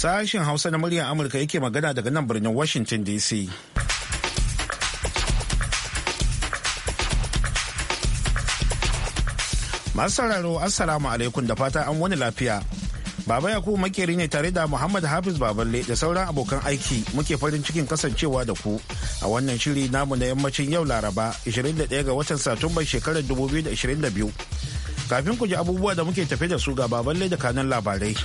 Sashen Hausa na muryar Amurka yake magana daga nan birnin Washington DC. Masu sauraro Assalamu alaikum da fata an wani lafiya. Baba Yakubu makeri ne tare da Muhammad Hafiz Baballe da sauran abokan aiki muke farin cikin kasancewa da ku a wannan shiri namu na yammacin yau Laraba 21 ga watan Satumbar shekarar 2022. Kafin ku ji abubuwa da muke tafe da su ga Baballe da kanan labarai.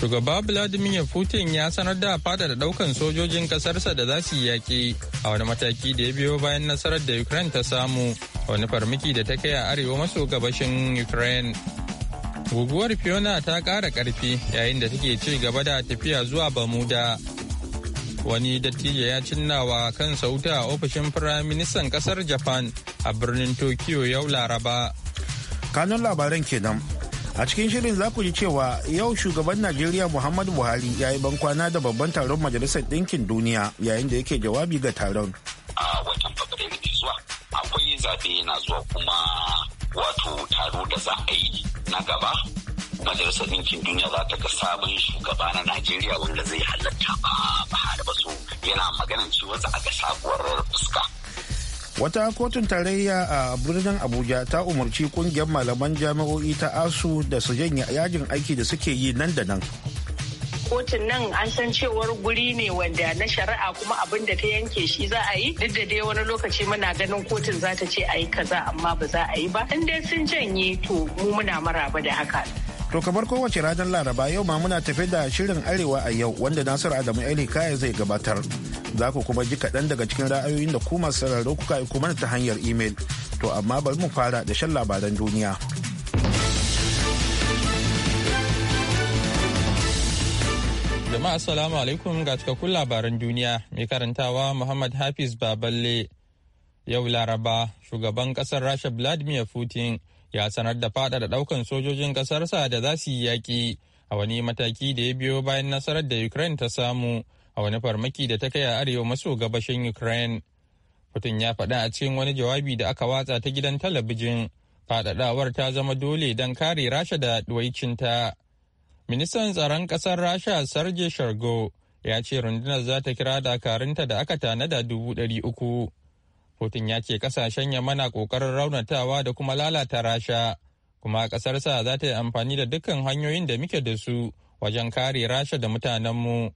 Shugaba Vladimir Putin ya sanar da fadar daukan sojojin kasarsa da za su yi yaƙi a wani mataki da ya biyo bayan nasarar da Ukraine ta samu a wani farmaki da ta kai a arewa maso gabashin Ukraine. Guguwar Fiona ta ƙara ƙarfi yayin da take ci gaba da tafiya zuwa Bamuda. Wani dattijo ya cinnawa kan sauta a ofishin Firaministan kasar Japan a birnin Tokyo yau Laraba. Kanun labaran kenan a cikin shirin za ku ji cewa yau shugaban najeriya muhammadu buhari ya yi bankwana da babban taron majalisar ɗinkin duniya yayin da yake jawabi ga taron a watan fabrairu da zuwa akwai zaɓe yana zuwa kuma wato taro da za a yi na gaba majalisar ɗinkin duniya za ta ga sabon shugaba na najeriya wanda zai halatta ba ba yana maganin cewa za a ga sabuwar fuska wata kotun tarayya a birnin abuja ta umarci kungiyar malaman jami'o'i ta asu da su janye yajin aiki da suke yi nan da nan kotun nan an san cewar guri ne wanda na shari'a kuma abin da ta yanke shi za a yi duk da dai wani lokaci muna ganin kotun za ta ce a yi kaza amma ba za a yi ba in dai sun janye to mu muna maraba da haka To kamar kowace ranar Laraba yau ma muna tafe da shirin Arewa a yau wanda Nasiru Adamu Ali Kaya zai gabatar. za ku kuma ji kaɗan daga cikin ra'ayoyin da ku masu sauraro kuka aiko mana ta hanyar imel to amma bari mu fara da shan labaran duniya jama'a assalamu alaikum ga cikakkun labaran duniya mai karantawa muhammad hafiz baballe yau laraba shugaban kasar rasha vladimir putin ya sanar da faɗaɗa ɗaukan sojojin ƙasarsa da za su yi yaƙi a wani mataki da ya biyo bayan nasarar da ukraine ta samu a wani farmaki da ta kai a arewa maso gabashin Ukraine. Putin ya faɗa a cikin wani jawabi da aka watsa ta gidan talabijin faɗaɗawar ta zama dole don kare Rasha da ɗuwaicinta. Ministan tsaron ƙasar Rasha Sergei Shargo ya ce rundunar za ta kira dakarunta da aka tanada dubu ɗari uku. Putin ya ce ƙasashen na ƙoƙarin raunatawa da kuma lalata Rasha, kuma ƙasarsa za ta yi amfani da dukkan hanyoyin da muke da su wajen kare Rasha da mutanenmu.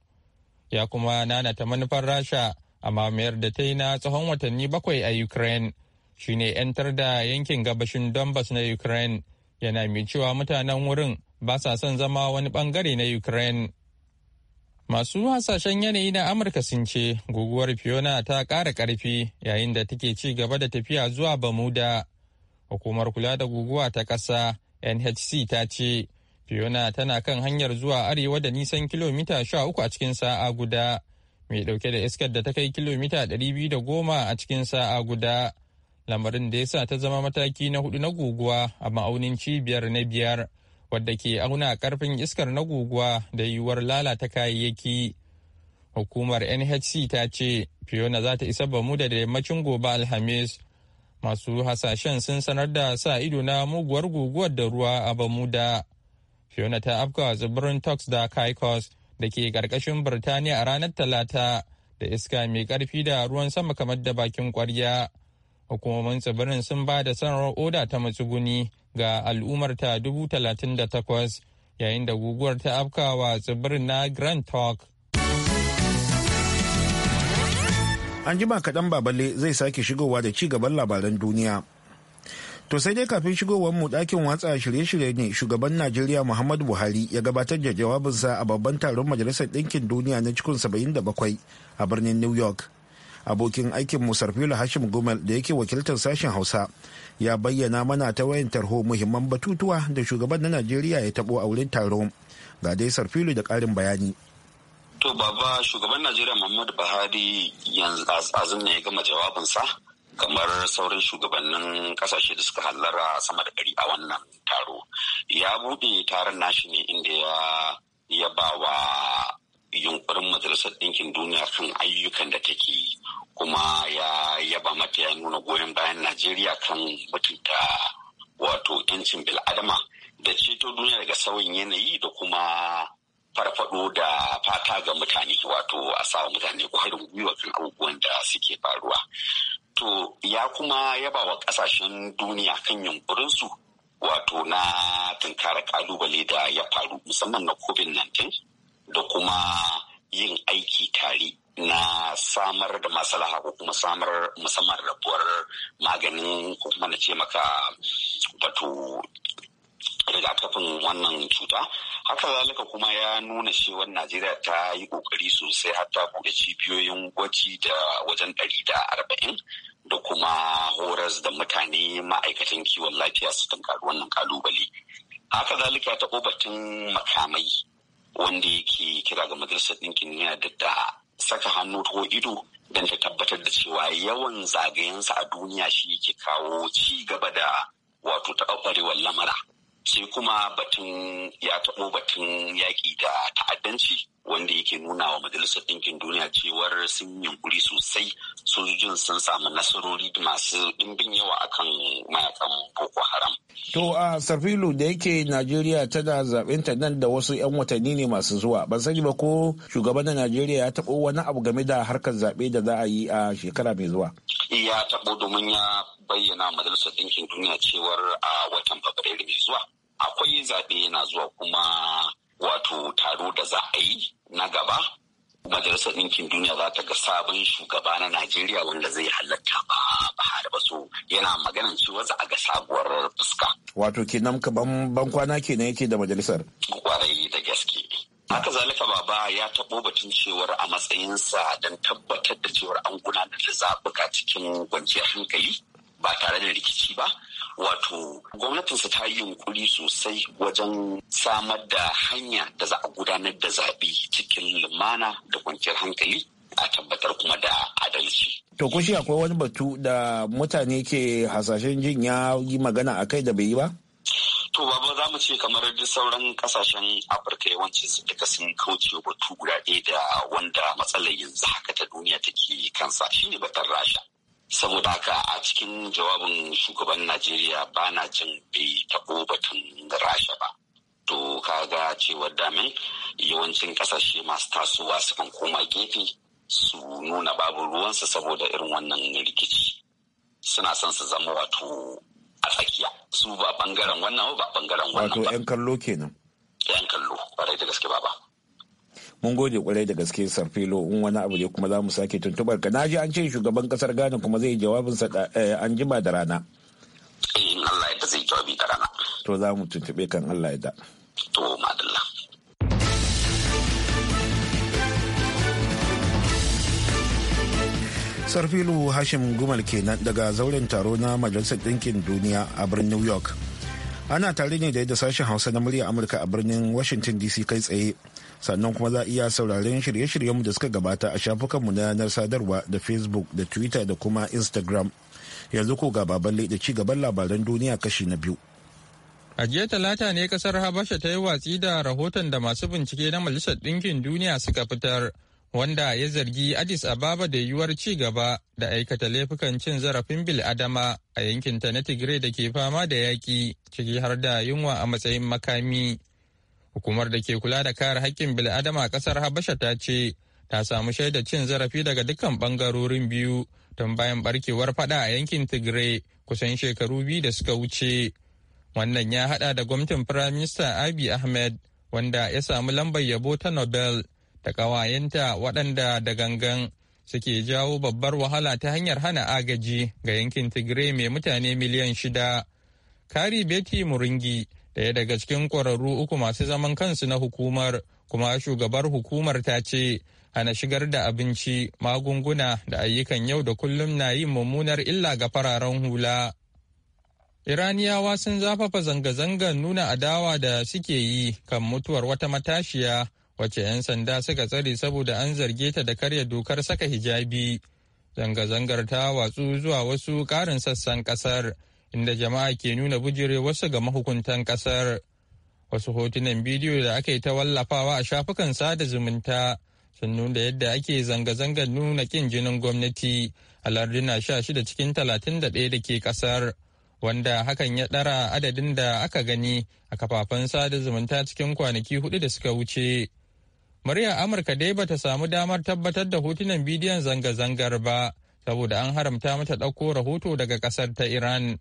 ya kuma ta manufar rasha a mamayar da ta yi na tsawon watanni bakwai a ukraine shine 'yantar da yankin gabashin donbass na ukraine yana mai cewa mutanen wurin ba sa son zama wani bangare na ukraine masu hasashen yanayi na amurka sun ce guguwar fiona ta ƙara ƙarfi yayin da take ci gaba da tafiya zuwa bamuda hukumar kula da guguwa ta ƙasa nhc ta ce Fiona tana kan hanyar zuwa arewa da nisan kilomita sha uku a cikin sa'a guda, mai ɗauke da iskar da ta kai kilomita ɗari biyu da goma a cikin sa'a guda. Lamarin da ya sa ta zama mataki na hudu na guguwa a ma'aunin cibiyar na biyar, wadda ke auna karfin iskar na guguwa da yiwuwar lalata kayayyaki. Hukumar NHC ta ce Fiona za ta isa Bamuda da yammacin gobe Alhamis. Masu hasashen sun sanar da sa ido na muguwar guguwar da ruwa a Bamuda. Fiona ta afkawa tsibirin Turks da Caicos da ke ƙarƙashin Birtaniya a ranar Talata da iska mai ƙarfi da ruwan sama kamar da bakin kwarya Hukumomin tsibirin sun ba da sanarwar oda ta matsuguni ga al'ummar ta dubu talatin da takwas yayin da guguwar ta afkawa tsibirin na Grand Talk. An jima kaɗan babale zai sake shigowa da ci gaban labaran duniya. To sai dai kafin shigowar mu dakin watsa shirye-shirye ne shugaban Najeriya Muhammadu Buhari ya gabatar da jawabinsa a babban taron Majalisar Ɗinkin Duniya na cikin 77 a birnin New York. Abokin aikin sarfilu Hashim Gumel da yake wakiltar sashen Hausa ya bayyana mana ta wayan tarho muhimman batutuwa da shugaban na Najeriya ya tabo a wurin taron. Ga dai Sarfilu da ƙarin bayani. To baba shugaban Najeriya Muhammadu Buhari yanzu azumin ya gama jawabinsa kamar sauran shugabannin kasashe da suka hallara sama da ɗari a wannan taro ya buɗe taron nashi ne inda ya ya ba wa yunkurin majalisar ɗinkin duniya kan ayyukan da take yi kuma ya yaba mata ya nuna goyon bayan najeriya kan mutunta wato 'yancin bil'adama da ceto duniya daga sauyin yanayi da kuma farfado da fata ga mutane wato a sa mutane kwarin gwiwa kan abubuwan da suke faruwa to ya kuma yaba wa kasashen duniya kan yunkurin su wato na tunkara kalubale da ya faru musamman na covid-19 da kuma yin aiki tare na samar da masalaha ko kuma samar musamman rabuwar maganin ko kuma na ce maka wato rigakafin wannan cuta haka zalika kuma ya nuna cewa najeriya ta yi kokari sosai har ta buɗe cibiyoyin gwaji da wajen ɗari da arba'in da kuma horas da mutane ma'aikatan kiwon lafiya su tunkari wannan kalubale haka zalika ta batun makamai wanda yake kira ga majalisar ɗinkin duniya da ta saka hannu ko ido don ta tabbatar da cewa yawan zagayensa a duniya shi yake kawo ci gaba da wato taɓarɓarewar lamara sai kuma batun ya taɓo batun yaƙi da ta'addanci wanda yake nuna wa majalisar ɗinkin duniya cewar sun yunkuri sosai sojojin sun samu nasarori masu ɗimbin yawa akan mayakan boko haram. to a sarfilu da yake najeriya tana zaɓen ta nan da wasu 'yan watanni ne masu zuwa ban sani ba ko shugaban na najeriya ya taɓo wani abu game da harkar zaɓe da za a yi a shekara mai zuwa. ya taɓo domin ya bayyana majalisar ɗinkin duniya cewar a watan fabrairu mai zuwa akwai zaɓe yana zuwa kuma wato taro da za a yi na gaba majalisar ɗinkin duniya za ta ga sabon shugaba na najeriya wanda zai halatta ba bahar ba so yana maganan cewa za a ga sabuwar fuska wato kenan ka ban kwana kenan yake da majalisar kwarai da gaske haka zalika baba ya taɓo batun cewar a matsayinsa don tabbatar da cewar an gudanar da zaɓuka cikin kwanciyar hankali ba tare da rikici ba wato gwamnatinsa ta yi yunkuri sosai wajen samar da hanya da za a gudanar da zaɓi cikin lumana da kwanciyar hankali a tabbatar kuma da adalci. To ko shi akwai wani batu da mutane ke hasashen jin ya yi magana a kai da bai yi ba? To baba za mu ce kamar duk sauran kasashen Afirka yawanci su duka sun kauce batu guda ɗaya da wanda matsalar yanzu haka ta duniya take kansa shine batar Rasha. saboda haka a cikin jawabin shugaban najeriya ba na jin bai taɓo batun rasha ba to kaga cewar damin yawancin kasashe masu tasowa sukan koma gefe su nuna babu ruwansu saboda irin wannan rikici suna son su zama wato a tsakiya su ba bangaren wannan ba bangaren wannan ba wato yan kallo kenan yan kallo ba da gaske ba ba mun gode kwarai da gaske sarfilo in wani abu ne kuma za mu sake tuntubar ka naji an ce shugaban kasar ghana kuma zai jawabin sa eh, an jima da rana eh, in allah ya zai jawabi da rana to za mu tuntube kan allah ya da to madalla sarfilu hashim gumal kenan daga zauren taro na majalisar ɗinkin duniya a birnin new york ana tare ne da yadda sashen hausa na murya amurka a birnin washington dc kai tsaye sannan kuma za a iya sauraren shirye-shiryenmu da suka gabata a shafukanmu na yanar sadarwa da facebook da twitter da kuma instagram yanzu ko ga baban da ci gaban labaran duniya kashi na biyu a jiya talata ne kasar habasha ta yi watsi da rahoton da masu bincike na majalisar ɗinkin duniya suka fitar wanda ya zargi addis ababa da yiwuwar ci gaba da aikata laifukan cin zarafin bil adama a yankin ta na tigray da ke fama da yaƙi ciki har da yunwa a matsayin makami Hukumar da ke kula da kare haƙƙin bil'adama a ƙasar Habasha ta ce ta samu shaida cin zarafi daga dukkan ɓangarorin biyu tun bayan barkewar fada a yankin Tigray kusan shekaru biyu da suka wuce. Wannan ya haɗa da gwamnatin prime minister abi Ahmed wanda ya samu lambar yabo ta Nobel da kawayenta waɗanda da gangan suke jawo babbar wahala ta hanyar hana agaji ga yankin Tigray mai mutane miliyan shida. Kari beti Muringi daya daga cikin kwararru uku masu zaman kansu na hukumar kuma shugabar hukumar ta ce hana shigar da abinci magunguna da ayyukan yau da kullum na yin mummunar illa ga fararen hula iraniyawa sun zafafa zanga-zangar nuna adawa da suke yi kan mutuwar wata matashiya wacce 'yan sanda suka tsare saboda an zarge ta da karya dokar saka hijabi zanga-zangar ta watsu zuwa wasu ƙarin sassan ƙasar inda jama'a ke nuna bujire wasu ga mahukuntan kasar wasu hotunan bidiyo da aka yi ta wallafawa a shafukan sada zumunta sun nuna yadda ake zanga-zangar nuna kin jinin gwamnati a larduna shida cikin talatin da ɗaya da ke kasar wanda hakan ya ɗara adadin da aka gani a kafafen sada zumunta cikin kwanaki hudu da suka wuce. murya Amurka dai bata samu damar tabbatar da hotunan bidiyon zanga-zangar ba, saboda an haramta mata ɗauko rahoto daga ƙasar ta Iran.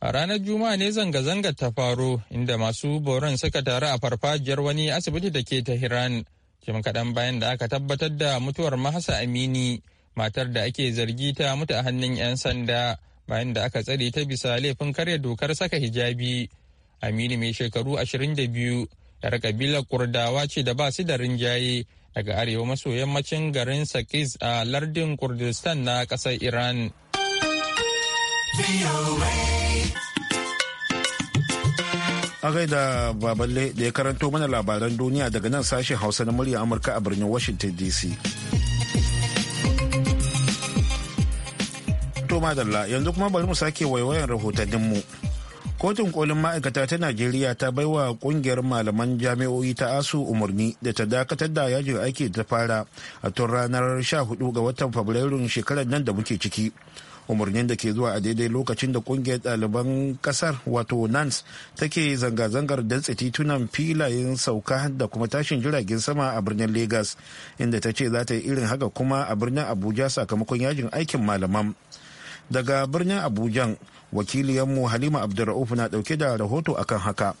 A ranar Juma'a ne zanga zanga ta faro inda masu boron suka taru a farfajiyar wani asibiti da ke Tehran. Jim kaɗan bayan da aka tabbatar da mutuwar Mahasa Amini, matar da ake zargi ta mutu a hannun 'yan sanda bayan da aka tsare ta bisa laifin karya dokar saka hijabi. Amini mai shekaru ashirin da 22, 'yar kabilar Kurdawa ce da ba su da rinjaye daga arewa maso yammacin garin Sakis a lardin Kurdistan na ƙasar Iran. a gaida baballe da ya karanto mana labaran duniya daga nan sashen hausa na murya amurka a birnin washington dc to madalla yanzu kuma bari mu sake waiwayan rahotanninmu kotun kolin ma'aikata ta najeriya ta baiwa kungiyar malaman jami'o'i ta asu umarni da ta dakatar da yajin aiki ta fara a tun ranar 14 ga watan fabrairun shekarar nan da muke ciki umarnin da ke zuwa a daidai lokacin da kungiyar ɗaliban ƙasar wato nans take zanga-zangar dantse titunan filayen sauka da kuma tashin jiragen sama a birnin lagos inda ta ce za ta yi irin haka kuma a birnin abuja sakamakon yajin aikin malaman daga birnin abujan wakiliyanmu halima abdulra'uf na ɗauke da rahoto akan haka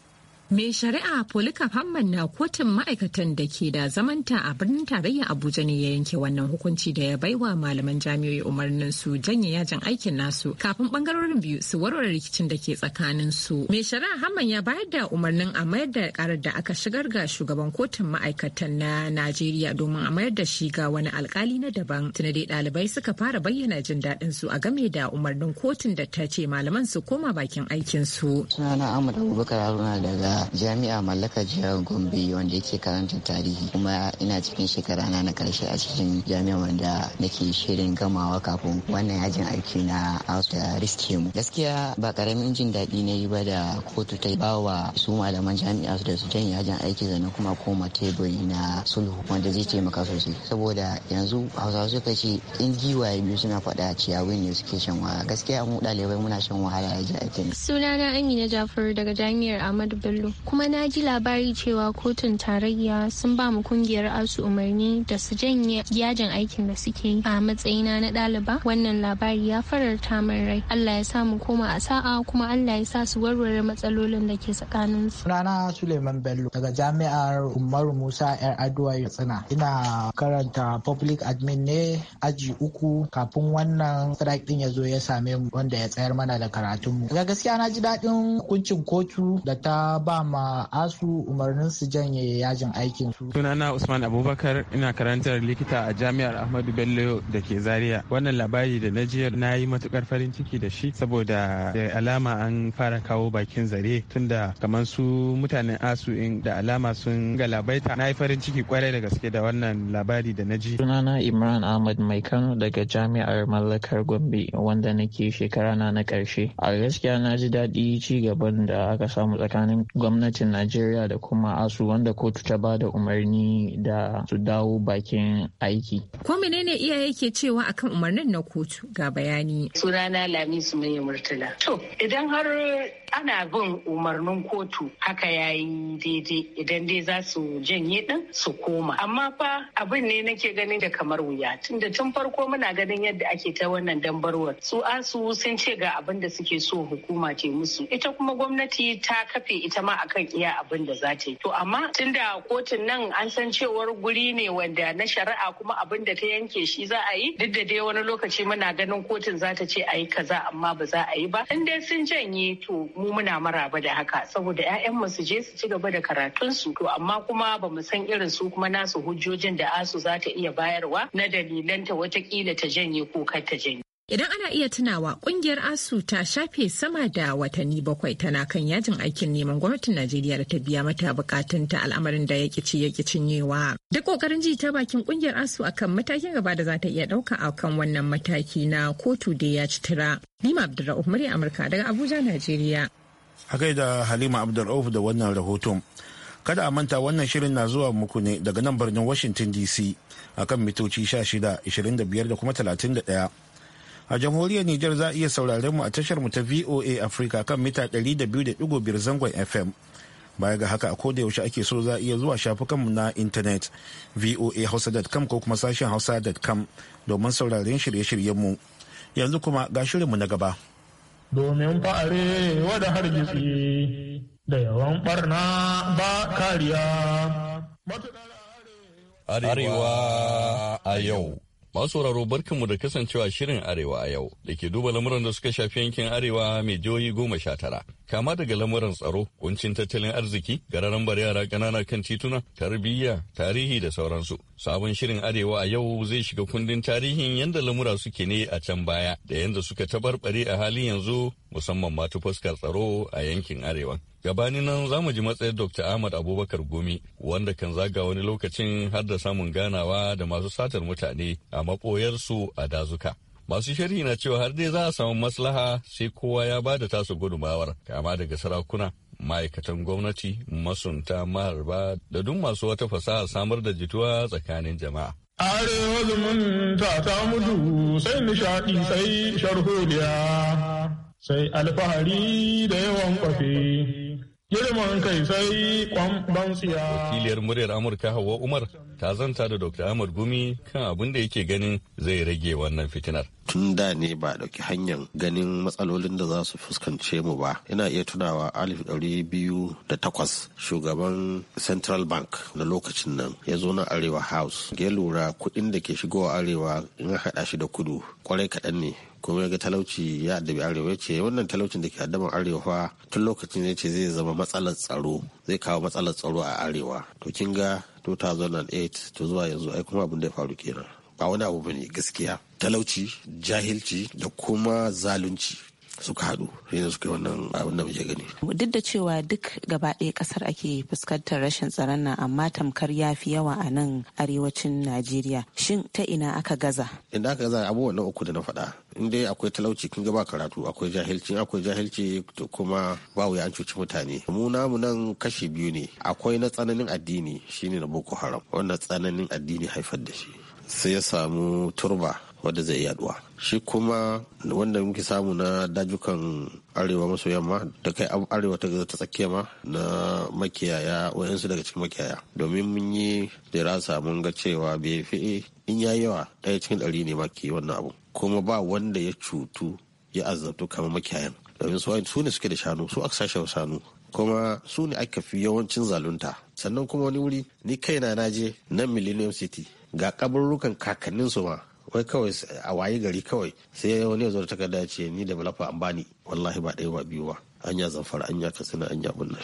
Mai shari'a Polycarp Hamman na kotun ma'aikatan da ke da zamanta a birnin tarayya Abuja ne ya yanke wannan hukunci da ya baiwa malaman jami'o'i umarnin su janye yajin aikin nasu kafin bangarorin biyu su warware rikicin da ke tsakanin su. Mai shari'a Hamman ya bayar da umarnin a mayar da karar da aka shigar ga shugaban kotun ma'aikatan na Najeriya domin a mayar da shi ga wani alkali na daban. Tuna dai ɗalibai suka fara bayyana jin daɗin su a game da umarnin kotun da ta ce malaman su koma bakin aikin su. Sunana Ahmad Abubakar Haruna daga jami'a mallaka jihar gombe wanda yake karantar tarihi kuma ina cikin shekara na na karshe a cikin jami'a wanda nake shirin gamawa kafin wannan yajin aiki na hausa riske mu gaskiya ba karamin jin daɗi na yi ba da kotu ta ba wa su malaman jami'a su da su janye yajin aiki sannan kuma koma teburi na sulhu wanda zai taimaka sosai saboda yanzu hausawa suka ce in giwaye biyu suna faɗa ciyawi ne suke shan wahala gaskiya mu ɗalibai muna shan wahala yajin aiki sunana amina jafar daga jami'ar ahmadu bello Bello kuma na ji labari cewa kotun tarayya sun ba mu kungiyar asu umarni da su janye yajin aikin da suke yi a matsayina na ɗaliba wannan labari ya fararta min rai Allah ya sa mu koma a sa'a kuma Allah ya sa su warware matsalolin da ke tsakanin su. Sunana Suleiman Bello daga jami'ar Umaru Musa yar Adua Yatsina ina karanta public admin ne aji uku kafin wannan strike ɗin ya zo ya same mu wanda ya tsayar mana da karatunmu. Daga gaskiya na ji daɗin hukuncin kotu da ta ba ma asu umarnin su janye yajin aikin su. Sunana Usman Abubakar ina karantar likita a jami'ar Ahmadu Bello da ke Zaria. Wannan labari da na jiya na yi matukar farin ciki da shi saboda da alama an fara kawo bakin zare tunda kamar su mutanen asu in da alama sun galabaita. Na yi farin ciki kwarai da gaske da wannan labari da na ji. Sunana Imran Ahmad Mai Kano daga jami'ar Mallakar Gombe wanda nake shekara na na karshe. A gaskiya na ji daɗi ci gaban da aka samu tsakanin gwamnatin najeriya da kuma asu wanda kotu ta ba da umarni da su dawo bakin aiki ko menene iyaye ke cewa akan umarnin na kotu ga bayani sunana lamisu mai murtala to idan har ana bin umarnin kotu haka yayi daidai idan dai za su janye din su koma amma fa abin ne nake ganin da kamar wuya tunda tun farko muna ganin yadda ake ta wannan dambarwar su asu sun ce ga abin da suke so hukuma ce musu ita kuma gwamnati ta kafe ita ma a akan iya abin da za ta yi to amma tunda kotun nan an san cewar guri ne wanda na shari'a kuma abin da ta yanke shi za a yi duk da dai wani lokaci muna ganin kotun za ta ce a yi kaza amma ba za a yi ba in dai sun janye to mu muna maraba da haka saboda mu su je su ci gaba da karatun su to amma kuma ba mu san irin su kuma nasu hujjojin da asu za ta iya bayarwa na dalilanta kila ta janye ko kar ta janye Idan ana iya tunawa kungiyar ASU ta shafe sama da watanni bakwai tana kan yajin aikin neman gwamnatin Najeriya da ta biya mata bukatun ta al'amarin da ya kici ya cinyewa. Duk kokarin ji ta bakin kungiyar ASU akan matakin gaba da za ta iya dauka akan wannan mataki na kotu da ya ci tura. Lima Abdulrauf murya Amurka daga Abuja, Najeriya. A da Halima Abdulrauf da wannan rahoton. Kada a manta wannan shirin na zuwa muku ne daga nan birnin Washington DC akan mitoci 16, 25 da kuma 31. a jamhuriyar Nijar za a iya sauraren mu a tashar mu ta VOA Africa kan mita 200.5 zangon FM. Baya ga haka a koda yaushe ake so za a iya zuwa shafukan mu na intanet VOA voahausa.com ko kuma sashen hausa.com domin sauraren shirye-shiryen mu. Yanzu kuma ga shirin mu na gaba. Domin fa'are wada hargitsi da yawan barna ba kariya. Arewa a yau. Masu sauraro barkanmu da kasancewa shirin Arewa a yau da ke duba lamuran da suka shafi yankin Arewa mai jihohi goma sha tara. kama daga lamuran tsaro kuncin tattalin arziki bar yara ƙanana kan tituna tarbiyya tarihi da sauransu sabon shirin arewa a yau zai shiga kundin tarihin yadda lamura suke ne a can baya da yadda suka tabarbare a halin yanzu musamman ma ta fuskar tsaro a yankin arewa gabanin nan za mu ji matsayin dr ahmad abubakar gumi wanda kan zaga wani lokacin har da samun ganawa da masu satar mutane a maɓoyarsu a dazuka masu sharhi na cewa har dai za a samu maslaha sai kowa ya ba da tasu gudumawar kama daga sarakuna ma'aikatan gwamnati masunta maharba da duk masu wata fasaha samar da jituwa tsakanin jama'a arewa zumunta ta mudu sai nishaɗi sai sharholiya sai alfahari da yawan kwafe Girman kai sai kwamban siya. Wakiliyar muryar Amurka Hauwa Umar ta zanta da Dr. Ahmad Gumi kan abin da yake ganin zai rage wannan fitinar. tun da ne ba a ɗauki hanyar ganin matsalolin da za su fuskance mu ba ina iya tunawa alif ɗari biyu da takwas shugaban central bank na lokacin nan ya zo na arewa house ya lura kuɗin da ke shigowa arewa in haɗa shi da kudu kwarai kaɗan ne komai ya ga talauci ya addabi arewa ya ce wannan talaucin da ke addaban arewa tun lokacin ya ce zai zama matsalar tsaro zai kawo matsalar tsaro a arewa to kin ga 2008 to zuwa yanzu ai kuma abin da ya faru kenan ba wani abu bane gaskiya talauci jahilci da kuma zalunci suka haɗu yanzu suka yi wannan abin da muke gani. Duk da cewa duk gaba ɗaya ƙasar ake fuskantar rashin tsaron nan amma tamkar ya fi yawa a nan arewacin Najeriya. Shin ta ina aka gaza? Inda aka gaza abubuwan na uku da na faɗa. in dai akwai talauci kin ga ba karatu akwai jahilci akwai jahilci kuma ba wuya an cuci mutane mu namu nan kashi biyu ne akwai na tsananin addini shine na boko haram wanda tsananin addini haifar da shi sai ya samu turba wanda zai yaduwa shi kuma wanda muke samu na dajukan arewa maso yamma da kai arewa ta ta tsakiya ma na makiyaya wayansu daga cikin makiyaya domin mun yi dirasa mun ga cewa bai fi in yayi yawa ɗaya cikin ɗari ne ma ke wannan abu kuma ba wanda ya cutu ya azabtu kamar makiyayan domin su ne suke da shanu su aka sashen shanu kuma su ne aka fi yawancin zalunta sannan kuma wani wuri ni kaina na je nan millennium city ga kaburrukan kakannin su ma wai kawai a waye gari kawai sai wani ya zo da takarda ce ni da balafa an bani wallahi ba ɗaya ba biyu ba an zamfara an ya katsina an ya bunna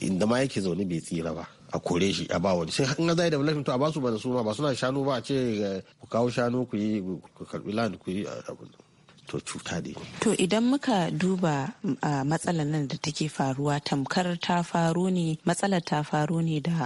inda ma yake zaune bai tsira ba a kore shi a ba wani sai in zai development to a basu bana suma ba suna shanu ba a ce eh, ku kawo shanu ku yi ku karbi land ku yi abin to cuta ne. To idan muka duba a matsalar nan da take faruwa tamkar ta faru ne matsalar ta faru ne da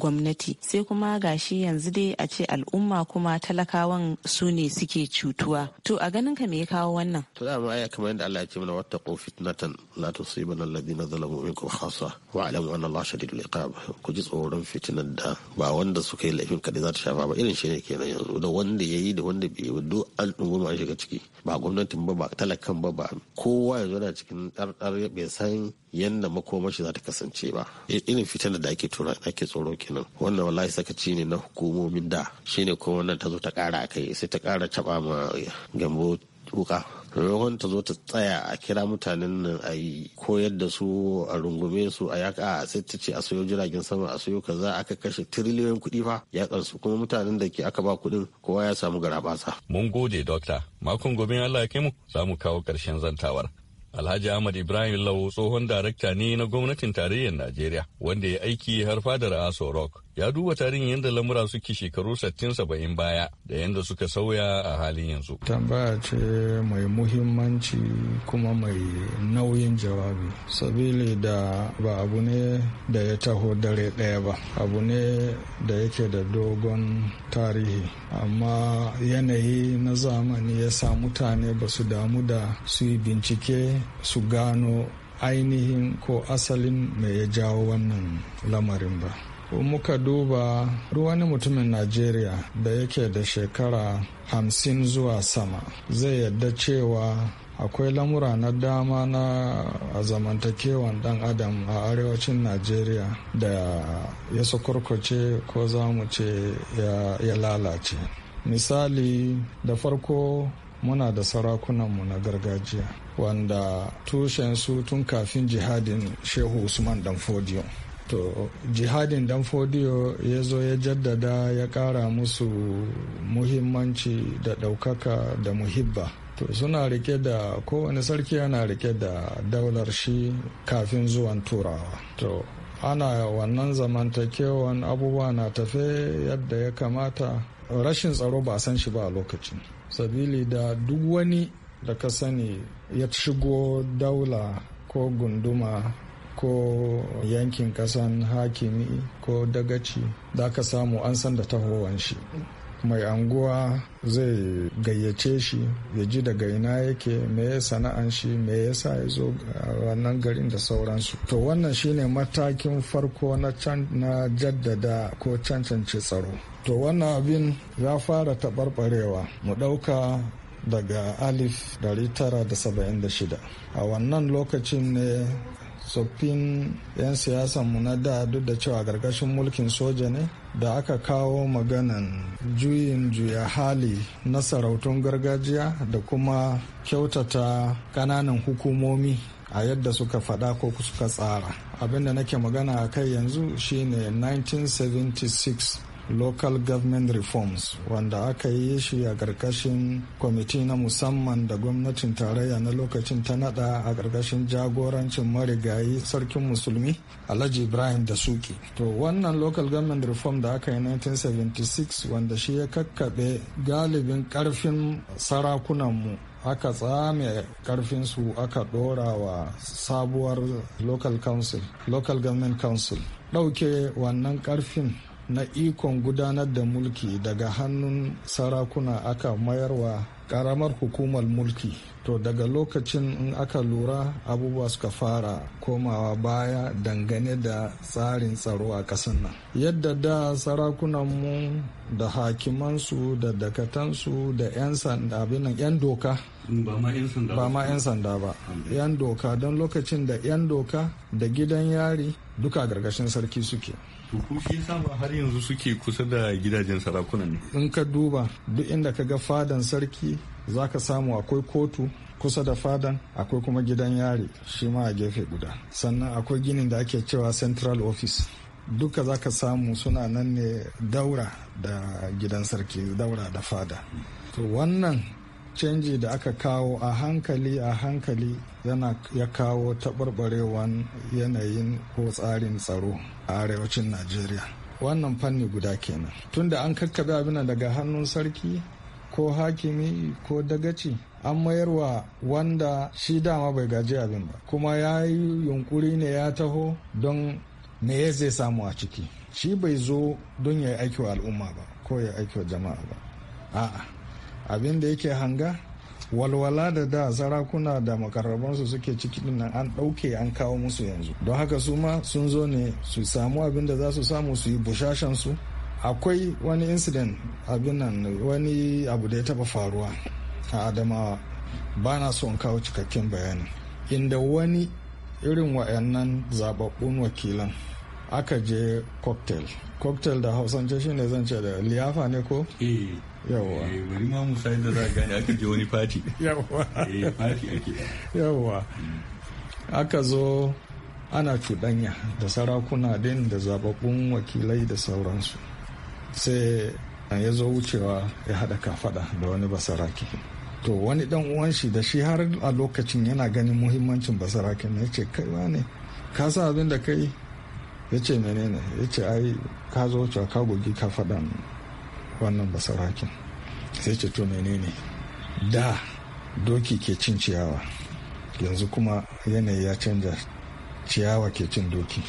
gwamnati sai kuma gashi yanzu dai a ce al'umma kuma talakawan su ne suke cutuwa. To a ganin ka me ya kawo wannan? To da ma kamar yadda Allah ya ce mana wata ko fitnatan la tusiban alladhina zalamu minkum khassa wa alamu anna Allah shadidul iqab ku ji tsoron fitinan da ba wanda suka yi laifin kadai za ta shafa ba irin shi ne kenan yanzu da wanda yayi da wanda bai yi duk an ma shiga ciki ba gwamnati gwamnatin ba ba talakan ba ba kowa ya na cikin ɗarɗar bai san yadda makomashi za ta kasance ba irin fitar da ake tura ake tsoro kenan wannan wallahi sakaci ne na hukumomin da shine kuma wannan ta zo ta ƙara a kai sai ta ƙara taɓa ma gambo wuka maimakon ta zo ta tsaya a kira mutanen nan a yi koyar da su a rungume su a yaka a sai ta ce a sayo jiragen sama a sayo kaza aka kashe tiriliyoyin kuɗi fa ya kuma mutanen da ke aka ba kuɗin kowa ya samu garabasa. Mun gode dokta makon gobe Allah ya mu za mu kawo ƙarshen zantawar. Alhaji Ahmad Ibrahim Lau tsohon darakta ne na gwamnatin tarayyar Najeriya wanda ya aiki har fadar Aso Rock. ya duba tarihin yadda lamura suke shekaru 60-70 baya da yadda suka sauya a halin yanzu. Tambaya ce mai muhimmanci kuma mai nauyin jawabi. Sabili da ba abu ne da ya taho dare ɗaya ba, abu ne da yake da dogon tarihi. Amma yanayi na zamani ya sa mutane ba su damu da su yi bincike su gano ainihin ko asalin mai ya jawo wannan lamarin ba. muka duba wani mutumin najeriya da yake da shekara hamsin zuwa sama zai yadda cewa akwai lamura na dama na azamantakewan dan adam a arewacin najeriya da ya sokorkoce ko za mu ce ya lalace misali da farko muna da sarakunanmu na gargajiya wanda tushensu tun kafin jihadin shehu usman danfodiyo to jihadin dan fodiyo ya zo ya jaddada ya kara musu muhimmanci da ɗaukaka da muhibba to suna rike da kowane sarki yana rike da daular shi kafin zuwan turawa to ana wannan zamantakewan abubuwa na tafe yadda ya kamata rashin tsaro ba san shi ba a lokacin sabili da duk wani da ka sani ya shigo daula ko gunduma ko yankin kasan hakimi ko dagaci za ka samu an san da tahowar shi mai anguwa zai gayyace shi ya ji daga ina yake me ya sana'an shi me yasa ya zo wannan garin da sauransu to wannan shine matakin farko na jaddada ko cancance tsaro to wannan abin ya fara taɓarɓarewa mu ɗauka daga alif 976 a wannan lokacin ne tsoffin 'yan mu na da duk da cewa ƙarƙashin mulkin soja ne da aka kawo maganan juyin juya hali na sarautun gargajiya da kuma kyautata ƙananan hukumomi a yadda suka faɗa ko suka tsara abinda nake magana a kai yanzu shine 1976 local government reforms wanda aka yi shi a ƙarƙashin kwamiti na musamman da gwamnatin tarayya na lokacin ta nada a ƙarƙashin jagorancin marigayi sarkin musulmi alhaji ibrahim da suke. to wannan local government reform da aka yi 1976 wanda shi ya kakkaɓe galibin ƙarfin sarakunanmu aka tsame karfinsu aka ɗora wa sabuwar local council local government council ɗauke wannan karfin na ikon gudanar da mulki daga hannun sarakuna aka mayarwa karamar hukumar mulki to daga lokacin in aka lura abubuwa suka fara komawa baya dangane da tsarin tsaro a ƙasar nan yadda da sarakunanmu da hakimansu da dakatansu da 'yan doka ba ma 'yan sanda ba 'yan doka don lokacin da 'yan doka da gidan yari duka gargashin sarki suke ku shi har yanzu suke kusa da gidajen sarakuna ne in ka duba duk inda ka ga fadan sarki za ka samu akwai kotu kusa da fadan akwai kuma gidan yari shi ma a gefe guda sannan akwai ginin da ake cewa central office duka za ka samu suna nan ne daura da gidan sarki daura da fada to wannan canji da aka kawo a hankali a hankali yana ya kawo taɓarɓarewan yanayin ko tsarin tsaro a arewacin najeriya wannan fanni guda kenan tunda an kakkabe abin daga hannun sarki ko hakimi ko dagaci an mayarwa wanda shi dama bai gaji abin ba kuma ya yi yunkuri ne ya taho don me zai samu a ciki shi bai zo don ya yi aiki wa al'umma ba ko ya aiki wa jama'a ba a'a abin da yake hanga walwala da da sarakuna da makarrabansu suke ciki nan an ɗauke an kawo musu yanzu don haka su ma sun zo ne su samu abin da za su samu su yi bushashansu akwai wani incident abin nan wani abu da ya taba faruwa a adamawa ba na so kawo cikakken bayani inda wani irin wa'annan zababbun wakilan aka je cocktail cocktail da hausance shine zan ce da liyafa ne ko eh. yawwa eh, bari ma mu sai da za gane aka je wani fati yawwa eh, yawwa aka zo ana cuɗanya da sarakuna din da zababbun wakilai da sauransu sai ya zo wucewa ya haɗa kafaɗa da wani basaraki to wani dan uwan shi da shi har a lokacin yana ganin muhimmancin basarakin ne ce kai ne ka sa abin da kai ya ce menene ya ce ai ka zo cewa ka gogi ka faɗan wannan basarakin sai ce to menene da doki ke cin ciyawa yanzu kuma yanayi ya canja ciyawa ke cin doki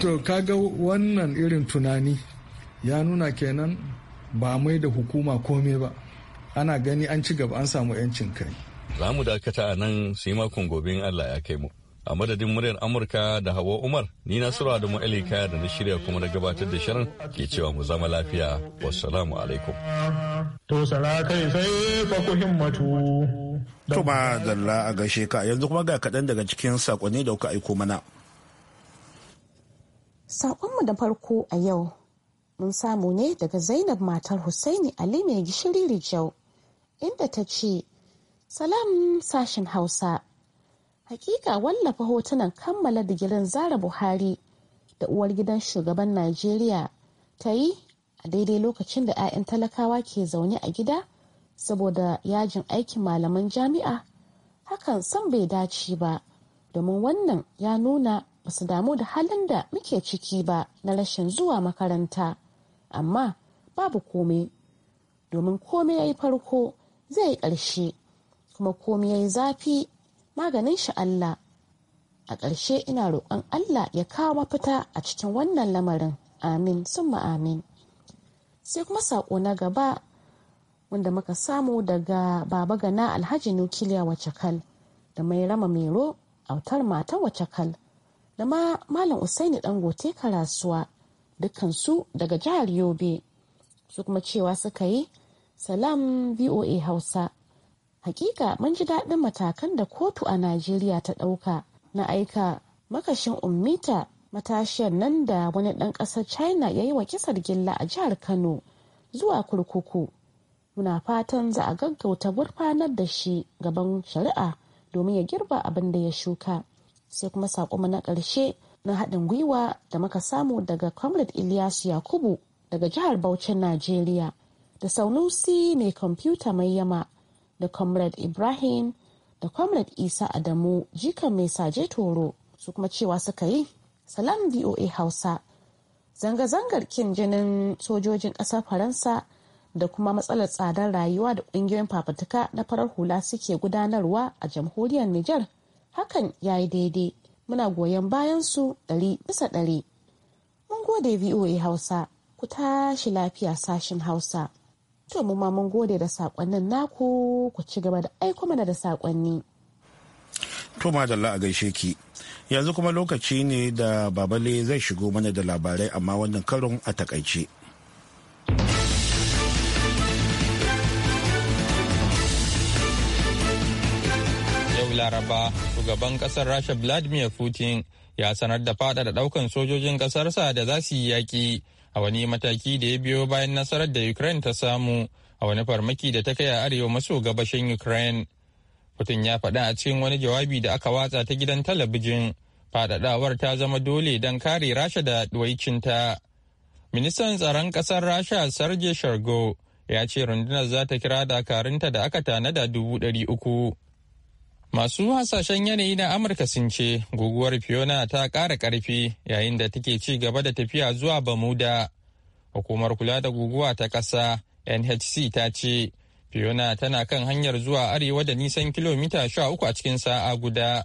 to kaga wannan irin tunani ya nuna kenan ba mai da hukuma komai ba ana gani an ci gaba an samu 'yancin kai Za mu dakata a nan sai makon gobe Allah ya kai mu. A madadin muryar Amurka da Hawa Umar, ni na Sura da Mu'ali Kaya da na shirya kuma na gabatar da shirin ke cewa mu zama lafiya. Wassalamu alaikum. To sara sai fa ku himmatu. To ma zalla a gaishe ka yanzu kuma ga kaɗan daga cikin sakonni da kuka aiko mana. Sakonmu da farko a yau mun samu ne daga Zainab matar husaini Ali mai gishiri Rijau inda ta ce Salam sashen Hausa. Hakika wallafa hotunan kammala digirin Zara Buhari da uwar gidan shugaban Najeriya ta yi a daidai lokacin da 'ya'yan talakawa ke zaune a gida saboda yajin aikin malaman jami'a hakan san bai dace ba domin wannan ya nuna ba su damu da halin da muke ciki ba na rashin zuwa makaranta amma babu komai domin komai ya yi farko zai yi ƙarshe kuma komai yayi zafi maganin shi Allah a ƙarshe ina roƙon Allah ya kawo mafita a cikin wannan lamarin amin summa amin sai kuma saƙo na gaba wanda muka samu daga baba gana alhaji nukiliya wace kal da mai rama mero autar mata wace kal da ma malam usaini dangote karasuwa dukansu daga jihar yobe su kuma cewa suka yi salam voa hausa hakika mun ji daɗin matakan da kotu a najeriya ta ɗauka na aika makashin ummita matashiyar nan da wani ɗan ƙasar china ya yi wa kisar gilla a jihar kano zuwa kurkuku muna fatan za a gaggauta gurfanar da shi gaban shari'a domin ya girba abin da ya shuka sai kuma saƙo na ƙarshe na haɗin gwiwa da muka samu daga comrade ilyasu yakubu daga jihar Bauchin Najeriya da Saunusi mai kwamfuta mai yama da comrade ibrahim da comrade isa adamu jika mai saje toro su kuma cewa suka yi salam voa hausa zanga-zangar kin jinin sojojin ƙasar faransa da kuma matsalar tsadar rayuwa da ƙungiyoyin fafutuka na farar hula suke gudanarwa a jamhuriyar niger hakan ya yi daidai muna goyon bayan su ɗari bisa ɗari mun gode voa hausa ku tashi lafiya sashin hausa To mu ma mun gode da sakonnin naku ku ci gaba da aiko mana da sakonni. To madalla a gaishe ki. Yanzu kuma lokaci ne da babale zai shigo mana da labarai amma wannan karon a takaice. Yau Laraba, shugaban kasar Rasha Vladimir Putin ya sanar da fada da daukan sojojin kasarsa da za su yi yaƙi a wani mataki da ya biyo bayan nasarar da Ukraine ta samu a wani farmaki da ta kai a arewa maso gabashin Ukraine. Putin ya faɗa a cikin wani jawabi da aka watsa ta gidan talabijin faɗaɗawar ta zama dole don kare Rasha da ɗuwaicinta. Ministan tsaron ƙasar Rasha Sergei Shargo ya ce rundunar za ta kira dakarunta da aka tanada dubu ɗari uku. Masu hasashen yanayi na Amurka sun ce guguwar Fiona ta ƙara ƙarfi yayin da take ci gaba da tafiya zuwa Bamuda. Hukumar kula da guguwa ta ƙasa NHC ta ce Fiona tana kan hanyar zuwa arewa da nisan kilomita sha uku a cikin sa'a guda,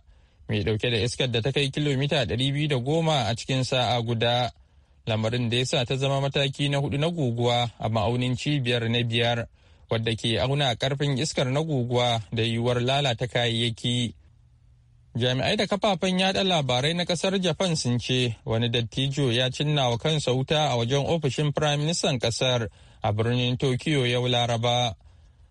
mai ɗauke da iskar da ta kai kilomita ɗari biyu da goma a cikin sa'a guda. Lamarin da ya sa ta zama mataki na hudu na guguwa a ma'aunin cibiyar na biyar wadda ke auna karfin iskar na guguwa da yiwuwar lalata kayayyaki. Jami'ai da kafafen yada labarai na kasar Japan sun ce wani dattijo ya cinna wa kansa wuta a wajen ofishin firaministan kasar a birnin Tokyo yau Laraba.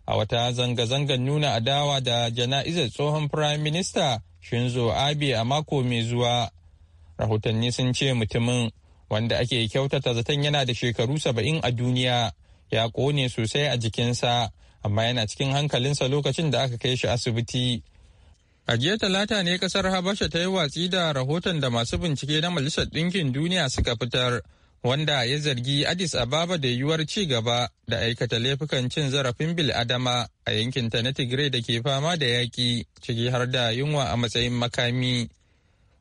A wata zanga-zangar nuna adawa da jana'izar tsohon firaminista Shinzo Abe a mako mai zuwa. Rahotanni sun ce mutumin wanda ake kyautata zaton yana da shekaru saba'in a duniya ya kone sosai a jikinsa amma yana cikin hankalinsa lokacin da aka kai shi asibiti a jiya talata ne kasar habasha ta yi watsi da rahoton da masu bincike na majalisar ɗinkin duniya suka fitar wanda ya zargi addis ababa da yiwuwar ci gaba da aikata laifukan cin zarafin bil adama a yankin ta na tigray da ke fama da yaƙi ciki har da yunwa a matsayin makami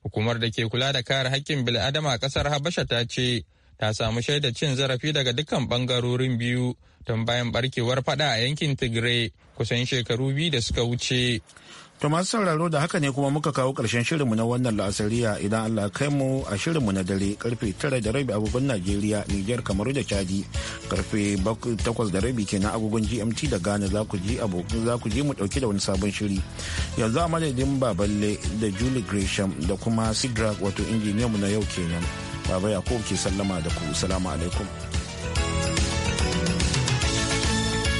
hukumar da ke kula da kare haƙƙin bil adama a ƙasar habasha ta ce ta samu shaida cin zarafi daga dukkan bangarorin biyu tun bayan barkewar fada a yankin tigray kusan shekaru biyu da suka wuce to masu sauraro da haka ne kuma muka kawo karshen shirinmu na wannan la'asariya idan allah kai mu a shirinmu na dare karfe tara da rabi agogon najeriya niger kamaru da chadi karfe takwas da rabi kenan agogon gmt da ghana za ku ji mu dauke da wani sabon shiri yanzu a madadin baballe da julie gresham da kuma sidra wato injiniyanmu na yau kenan Baba Yakubu ke sallama da ku. Salamu alaikum.